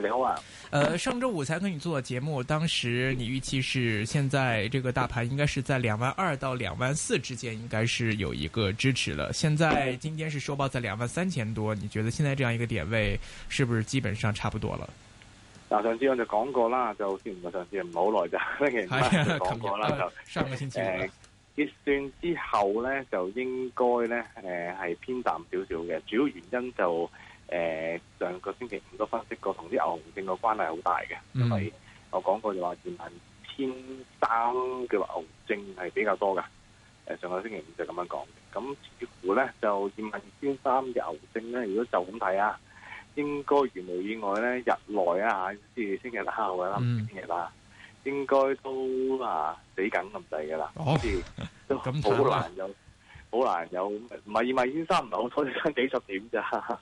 兩萬、啊，呃，上周五才跟你做的節目，當時你預期是，現在這個大盤應該是在兩萬二到兩萬四之間，應該是有一個支持了。現在今天是收報在兩萬三千多，你覺得現在這樣一個點位，是不是基本上差不多了？啊、上次我就講過啦，就雖然話上次唔係好耐就，係啊，講過啦就，上個星期結算之後呢就應該呢誒係、呃、偏淡少少嘅，主要原因就。誒、呃，上個星期五都分析過同啲牛熊證嘅關係好大嘅，因、嗯、為、就是、我講過就話葉問天三嘅牛熊證係比較多噶。誒、呃，上個星期五就咁樣講，咁似乎咧就葉問天三嘅牛熊證咧，如果就咁睇啊，啊、嗯、啊，應該如無意外咧，日內啊，即係星期六啊，或者星期日啦，應該都啊死緊咁滯噶啦，好似都好難有，好、啊、難有。唔係葉問天三唔係好多，就翻幾十點咋？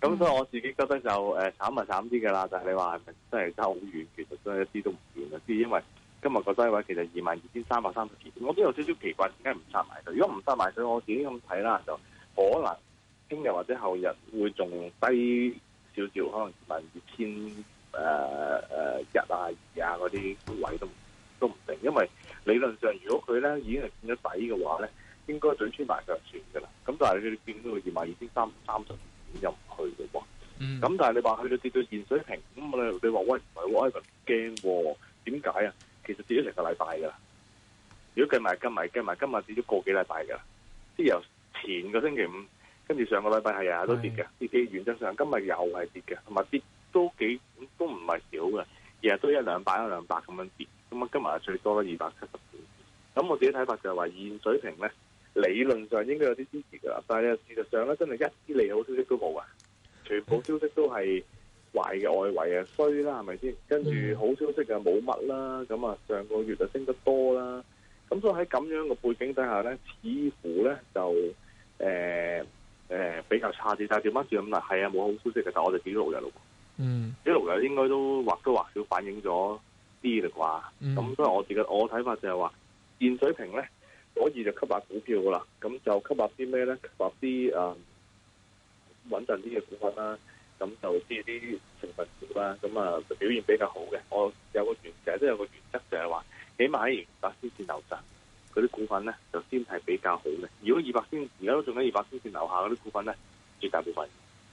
咁、嗯嗯、所以我自己覺得就誒、呃、慘咪慘啲嘅啦，就係你話係咪真係差好遠？其實真係一啲都唔遠啦，就係因為今日個低位其實二萬二千三百三十點，我都有少少奇怪點解唔收埋佢？如果唔收埋佢，我自己咁睇啦，就可能聽日或者後日會仲低少少，可能二萬二千誒誒一啊二啊嗰啲高位都都唔定。因為理論上如果佢咧已經係變咗底嘅話咧，應該總穿埋上船噶啦。咁但係佢變到二萬二千三三十。就去嘅咁但係你話去到跌到現水平，咁你話喂，唔係我係咁驚，點解啊？其實跌咗成個禮拜噶啦，如果計埋今日計埋今日跌咗個幾禮拜噶啦，即係由前個星期五跟住上個禮拜係日日都跌嘅，呢啲原則上今日又係跌嘅，同埋跌都幾都唔係少嘅，日日都一兩百一兩百咁樣跌，咁啊今日最多二百七十點，咁我自己睇法就係話現水平咧，理論上應該有啲支持噶啦，但係咧事實上咧真係一啲利好消息都冇啊！全部消息都係壞嘅，外圍啊衰啦，係咪先？跟住好消息啊冇乜啦，咁啊上個月就升得多啦，咁所以喺咁樣嘅背景底下咧，似乎咧就誒誒、呃呃、比較差啲，但係點解轉咁難？係啊，冇好消息嘅，但係我哋睇一路嘅路，嗯，一路嘅應該都或多或少反映咗啲嘅啩，咁所以我自己我睇法就係話現水平咧，可以就吸下股票噶啦，咁就吸下啲咩咧？吸下啲啊穩陣啲嘅股份啦，咁就啲啲成分股啦，咁啊表現比較好嘅。我有個原成日都有個原則，原則就係話，起碼喺二百天線樓上嗰啲股份咧，就先係比較好嘅。如果二百天而家都仲喺二百天線樓下嗰啲股份咧，絕大部分。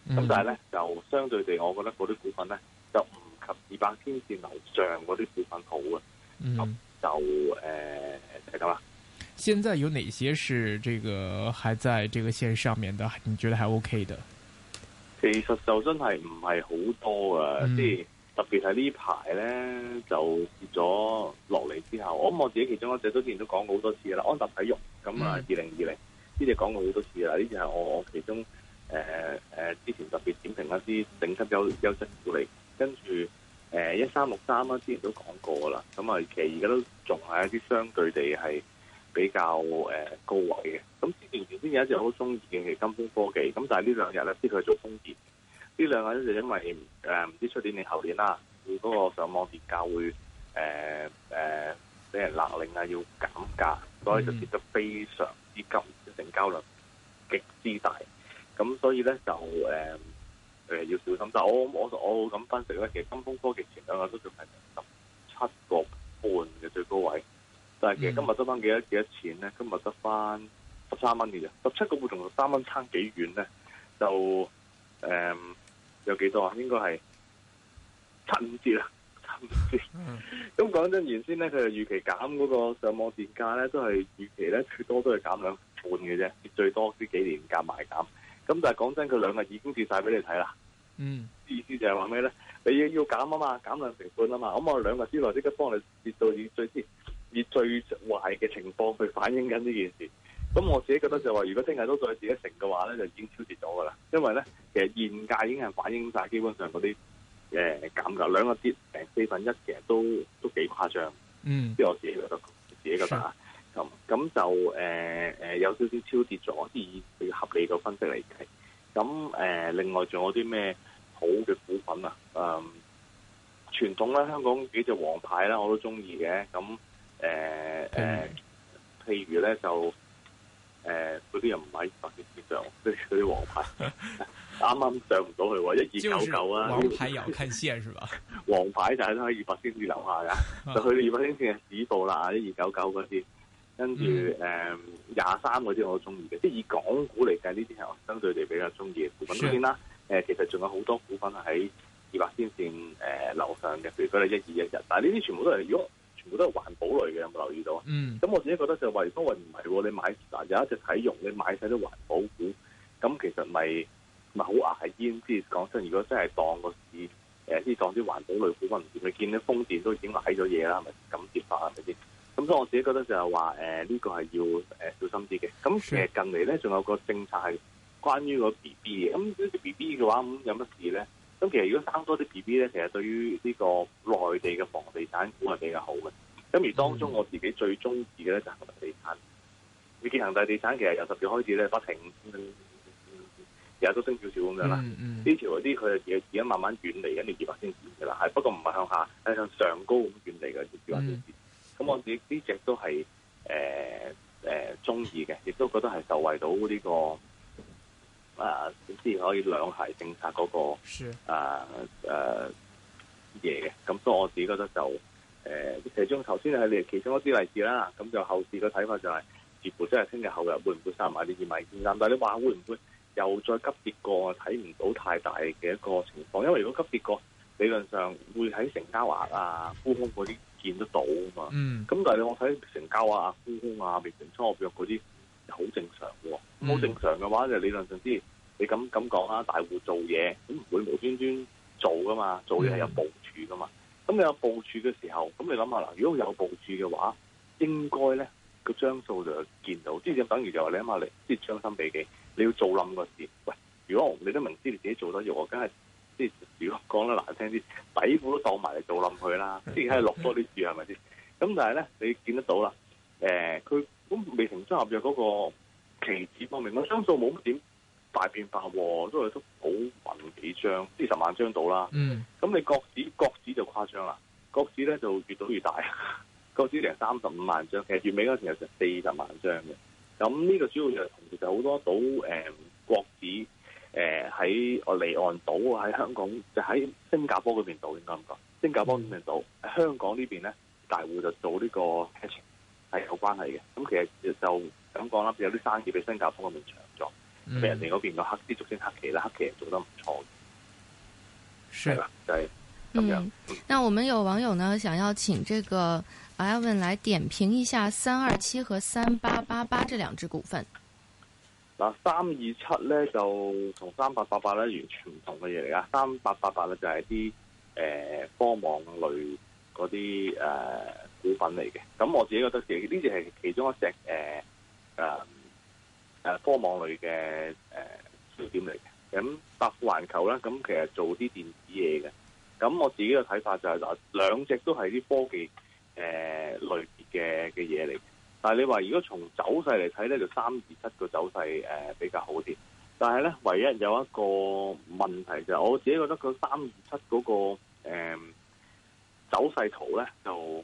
咁、mm-hmm. 但係咧，就相對地，我覺得嗰啲股份咧，就唔及二百天線樓上嗰啲股份好啊。嗯、mm-hmm. 呃，就誒就係咁啦。現在有哪些是這個還在這個線上面的？你覺得還 OK 的？其實就真係唔係好多啊，即、嗯、係特別係呢排咧就跌咗落嚟之後，我諗我自己其中一隻都之前都講過好多次㗎啦，安踏體育咁啊二零二零呢隻講過好多次㗎啦，呢隻係我我其中誒誒、呃呃、之前特別點評一啲頂級優優質股嚟，跟住誒一三六三啦，之前都講過啦，咁啊其實而家都仲係一啲相對地係。比較誒、呃、高位嘅，咁之前前先有一隻好中意嘅係金風科技，咁但係呢兩日咧先，佢做風電，呢兩日咧就因為誒唔知出年定後年啦，佢、那、嗰個上網跌價會誒誒俾人勒令啊要減價，所以就跌得非常之急，成交量極之大，咁所以咧就誒誒、呃、要小心。但係我我我咁分析咧，其實金風科技前兩日都仲係十七個半嘅最高位。就、嗯、係其實今日得翻幾多幾多錢咧？今日得翻十三蚊嘅啫，十七個半同十三蚊差幾遠咧？就誒、嗯，有幾多啊？應該係七五折啊，七五折。咁 講、 嗯、真，原先咧佢係預期減嗰個上網電價咧，都係預期咧，最多都係減兩半嘅啫，最多先幾年夾埋減。咁但係講真，佢兩日已經跌晒俾你睇啦。嗯，意思就係話咩咧？你要要減啊嘛，減兩成半啊嘛，咁我兩日之內即刻幫你跌到以最先。以最壞嘅情況去反映緊呢件事，咁我自己覺得就係話如果聽日都再跌一成嘅話咧，就已經超跌咗㗎喇。因為咧，其實現價已經係反映晒基本上嗰啲誒減價兩個跌成四分一，其實都都幾誇張。嗯，即係我自己覺得，自己覺得啊。咁咁就誒誒、呃呃、有少少超跌咗，即係以合理嘅分析嚟計。咁誒、呃，另外仲有啲咩好嘅股份啊？誒、呃，傳統咧，香港幾隻王牌咧，我都中意嘅。咁誒、呃、誒，譬、呃、如咧就誒嗰啲人唔喺二百天線上，即係嗰啲黃牌，啱 啱上唔到去喎，一二九九啊，黃牌要看線 是吧？黃牌就喺喺二百天線樓下噶，就去到二百天線係止貨啦，一二九九嗰啲，跟住誒廿三嗰啲我都中意嘅，即係以港股嚟計呢啲係我相對哋比較中意嘅股份。當然啦，誒、呃、其實仲有好多股份喺二百天線誒樓上嘅，譬如講一、二、一、一，但係呢啲全部都係如果全部都係環保類嘅，有冇留意到啊？嗯，咁我自己覺得就話，當然唔係，你買嗱有一隻體用，你買晒啲環保股，咁其實咪咪好牙煙啲，講真，如果真係當個市誒，即、呃、係當啲環保類股唔掂，你見啲風電都已經買咗嘢啦，係咪咁跌法係咪先？咁所以我自己覺得就係話誒，呢、呃呢個係要誒、呃、小心啲嘅。咁其實近嚟咧，仲有個政策係關於個 B B 嘅。咁啲 B B 嘅話，咁有乜事咧？咁其實如果生多啲 B B 咧，其實對於呢個內地嘅房地產股係比較好嘅。咁而當中我自己最中意嘅咧就係恒大地產。你見恒大地產其實由十月開始咧，不停其日都升少少咁樣啦。呢、嗯嗯、條嗰啲佢嘅而家慢慢遠離緊，你二百先至噶啦。係、嗯嗯、不過唔係向下係向上高咁遠離嘅一年二百先至。咁、嗯、我自己呢隻都係誒誒中意嘅，亦、呃呃、都覺得係受惠到呢、這個。啊，點先可以兩孩政策嗰、那個啊嘢嘅，咁、啊、所以我自己覺得就誒、呃、其中頭先係你其中一啲例子啦，咁就後市嘅睇法就係似乎真係聽日後日會唔會殺埋啲熱賣現金，但係你話會唔會又再急跌過？睇唔到太大嘅一個情況，因為如果急跌過理論上會喺成交額啊沽空嗰啲見得到啊嘛，咁、嗯、但係你我睇成交啊沽空啊未成交約嗰啲。好正常喎，好正常嘅話就是、理論上知，你咁咁講啊，大戶做嘢咁唔會無端端做噶嘛，做嘢係有部署噶嘛。咁你有部署嘅時候，咁你諗下啦，如果有部署嘅話，應該咧個張數就見到。即係等於就你諗下你，想想你即係將心比己，你要做冧個事。喂，如果你都明知你自己做得喐，梗係即係如果講得難聽啲，底褲都當埋嚟做冧佢啦。即係落多啲注係咪先？咁但係咧，你見得到啦。誒、呃，佢。咁未同綜合約嗰個期指方面，明張數冇乜點大變化喎，都係都好穩幾張，四十萬張到啦。咁、mm. 你國指國指就誇張啦，國指咧就越賭越大，國指成三十五萬張，其實月尾嗰陣時成四十萬張嘅。咁呢個主要就同時就好多賭、嗯、國指喺我離岸賭喺香港，就喺、是、新加坡嗰邊賭，應該咁講，新加坡嗰邊賭，喺、mm. 香港呢邊咧大戶就做呢、這個。係有關係嘅，咁其實就咁講啦，有啲生意俾新加坡嗰邊搶咗，咁人哋嗰邊個黑之逐星黑旗啦，黑旗做得唔錯嘅，係啦，係、就係咁樣嗯，嗯，那我們有網友呢，想要請這個 Ivan 來點評一下三二七和三八八八這兩支股份。嗱，三二七咧就同三八八八咧完全唔同嘅嘢嚟啊，三八八八咧就係啲誒科網類嗰啲誒。呃股份嚟嘅，咁我自己覺得，其實呢隻係其中一隻、啊啊、科網類嘅誒重點嚟嘅。咁百富環球呢，咁其實做啲電子嘢嘅，咁我自己嘅睇法就係、是、兩兩隻都係啲科技誒、啊、類別嘅嘅嘢嚟。但係你話如果從走勢嚟睇咧，就三二七個走勢、啊、比較好啲。但係咧，唯一有一個問題就係、是、我自己覺得佢三二七嗰個、啊、走勢圖咧就，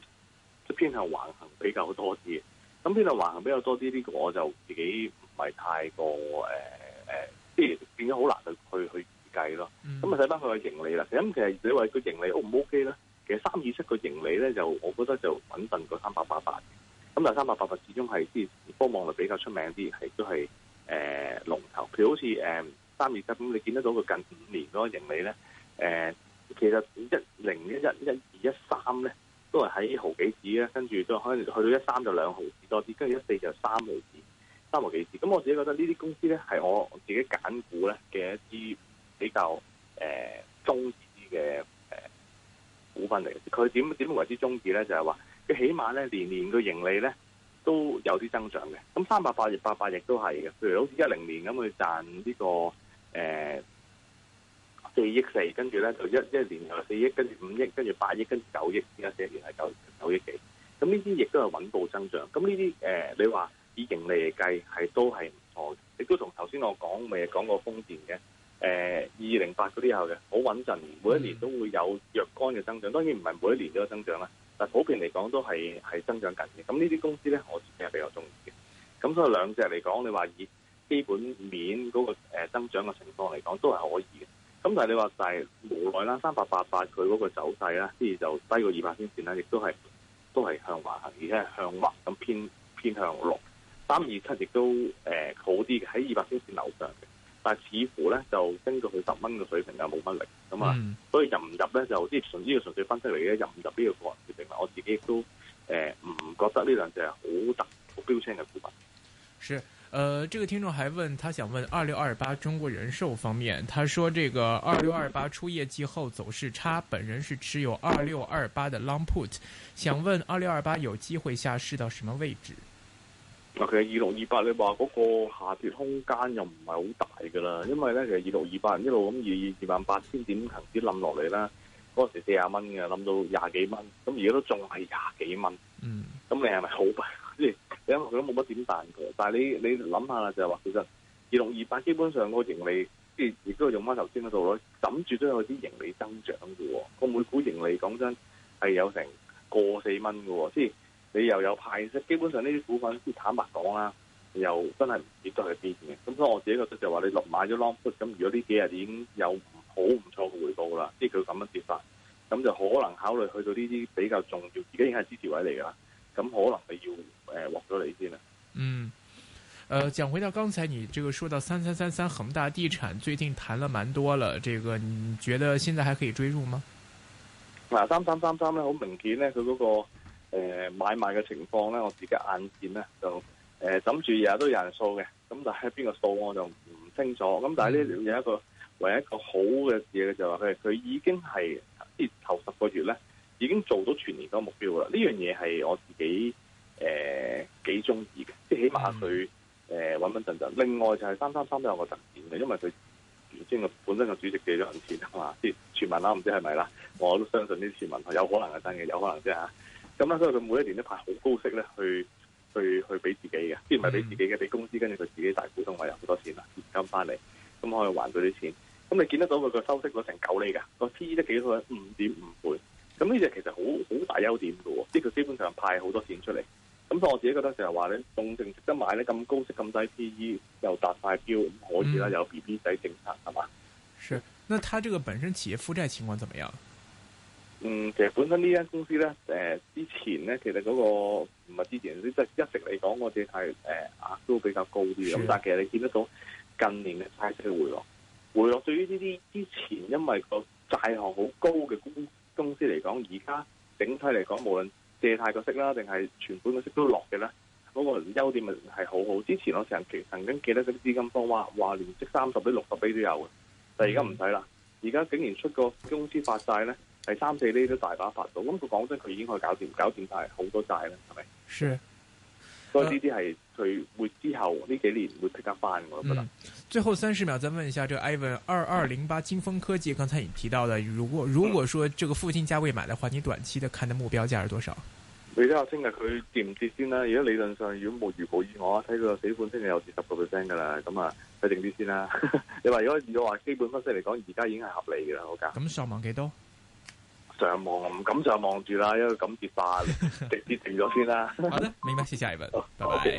偏向橫行比較多啲，咁偏向橫行比較多啲呢、這個我就自己唔係太過誒誒，即、呃、係、呃、變咗好難去去去計咯。咁啊睇翻佢嘅盈利啦，咁其實你話個盈利 O 唔 O K 咧？其實三二七個盈利咧就，我覺得就穩陣過三百八八。咁但係三百八八始終係啲科網來比較出名啲，係都係誒、呃、龍頭。譬如好似誒三二七，咁，你見得到佢近五年嗰個盈利咧？誒、呃，其實一零一一一二一三咧。都係喺毫幾子咧，跟住都可能去到一三就兩毫子多啲，跟住一四就三毫子，三毫幾子。咁我自己覺得呢啲公司咧，係我自己揀股咧嘅一啲比較誒、呃、中意嘅、呃、股份嚟嘅。佢點點為之中意咧？就係話佢起碼咧年年個盈利咧都有啲增長嘅。咁三百八二八八亦都係嘅，譬如好似一零年咁去賺呢個誒。呃四億四，跟住咧就一一年有四億，跟住五億，跟住八億，跟住九億，依家四年係九九億幾。咁呢啲亦都係穩步增長。咁呢啲誒，你話以盈利嚟計，係都係唔錯嘅。亦都同頭先我講咪講過風電嘅誒二零八嗰啲後嘅好穩陣，每一年都會有若干嘅增長。當然唔係每一年都有增長啦。但普遍嚟講都係增長緊嘅。咁呢啲公司咧，我自己係比較中意嘅。咁所以兩隻嚟講，你話以基本面嗰個增長嘅情況嚟講，都係可以嘅。咁但係你話就係無奈啦，三八八八佢嗰個走勢啦，即係就低過二百天線啦，亦都係都係向橫行，而且係向橫咁偏偏向落。三二七亦都誒、呃、好啲嘅，喺二百天線樓上嘅，但係似乎咧就根據佢十蚊嘅水平就冇乜力咁啊、嗯嗯。所以入唔入咧就啲純粹啲純粹分析嚟嘅，入唔入呢要個人決定啦。我自己也都誒唔、呃、覺得呢兩隻係好特好標青嘅股份。是。呃這個聽眾還問，他想問二六二八中國人壽方面，他說：這個二六二八出業績後走勢差，本人是持有二六二八的 long put，想問二六二八有機會下市到什麼位置？其實二六二八你話嗰個下跌空間又唔係好大噶啦，因為咧其實二六二八一路咁二二萬八千點停止冧落嚟啦，嗰時四十蚊嘅冧到廿幾蚊，咁而家都仲係廿幾蚊，嗯，咁你係咪好？即係，你諗佢都冇乜點彈佢。但係你你諗下啦，就係話其實二六二八基本上個盈利，即係亦都係用翻頭先嗰度咯。枕住都有啲盈利增長嘅。個每股盈利講真係有成個四蚊嘅。即係你又有派息，基本上呢啲股份，即坦白講啦，又真係唔跌得去邊嘅。咁所以我自己覺得就係話，你落買咗 long put，咁如果呢幾日已經有唔好唔錯嘅回報啦，即係佢咁樣跌法，咁就可能考慮去到呢啲比較重要，而家已經係支持位嚟噶啦。咁可能係要誒獲咗你先啊。嗯，誒、呃，講回到剛才，你這個說到三三三三恒大地產最近談了蠻多了，這個你覺得現在還可以追入嗎？嗱、啊，三三三三咧，好明顯咧，佢嗰、那個誒、呃、買賣嘅情況咧，我自己眼見咧就誒諗住日日都有人掃嘅，咁但係邊個掃我就唔清楚。咁但係呢有一個唯一一個好嘅事嘅就係話佢佢已經係跌頭十個月咧。已經做到全年嗰個目標啦！呢樣嘢係我自己誒幾中意嘅，即、呃、係起碼佢誒穩穩陣陣。另外就係三三三都有個特點嘅，因為佢原先個本身個主席借咗銀錢啊嘛，啲傳聞啦唔知係咪啦，我都相信啲傳聞，有可能係真嘅，有可能啫嚇。咁啦，所以佢每一年都派好高息咧，去去去俾自己嘅，即係唔係俾自己嘅，俾公司跟住佢自己大股東話有好多錢啦，現金翻嚟，咁可以還到啲錢。咁你見得到佢個收息率成九厘㗎，個 P E 都幾好，五點五倍。咁呢隻其實好好大優點嘅，即係佢基本上派好多錢出嚟。咁所以我自己覺得成日話咧，中證值得買咧，咁高息，咁低 P E，又大快標，可以啦。有 B B 仔政策係嘛？是。那它這，、嗯、這個本身企業負債情況怎麼樣？嗯，其實本身呢間公司咧，誒、呃、之前咧其實嗰、那個唔係之前，即係一直嚟講我哋係誒壓都比較高啲嘅。咁但係其實你見得到近年嘅拆息回落，回落對於呢啲之前因為個債項好高嘅公司。公司嚟講，而家整體嚟講，無論借貸個息啦，定係存款個息都落嘅啦。嗰個優點係好好。之前我成期曾經記得啲資金方話話，連息三十厘、六十厘都有嘅，但係而家唔使啦。而家竟然出個公司發債咧，係三四厘都大把發到。咁佢講真，佢已經可以搞掂，搞掂晒好多債啦，係咪？是。是。所以呢啲係佢會之後呢幾年會即刻翻，我覺得。最後三十秒再問一下，這個 Ivan 二二零八金風科技，剛才已提到的，如果如果說這個附近價位買嘅話，你短期的看的目標價是多少？你睇下聽日佢跌唔跌先啦。如果理論上如果冇如保現，我睇佢個死盤聽日有跌十個 percent 噶啦。咁啊睇定啲先啦。你話如果我話基本分析嚟講，而家已經係合理噶啦，好價。咁上網幾多？上網唔敢上，望住啦，因為咁跌曬，直接停咗先啦。好啦，明白，謝謝阿文，拜拜。Bye bye okay.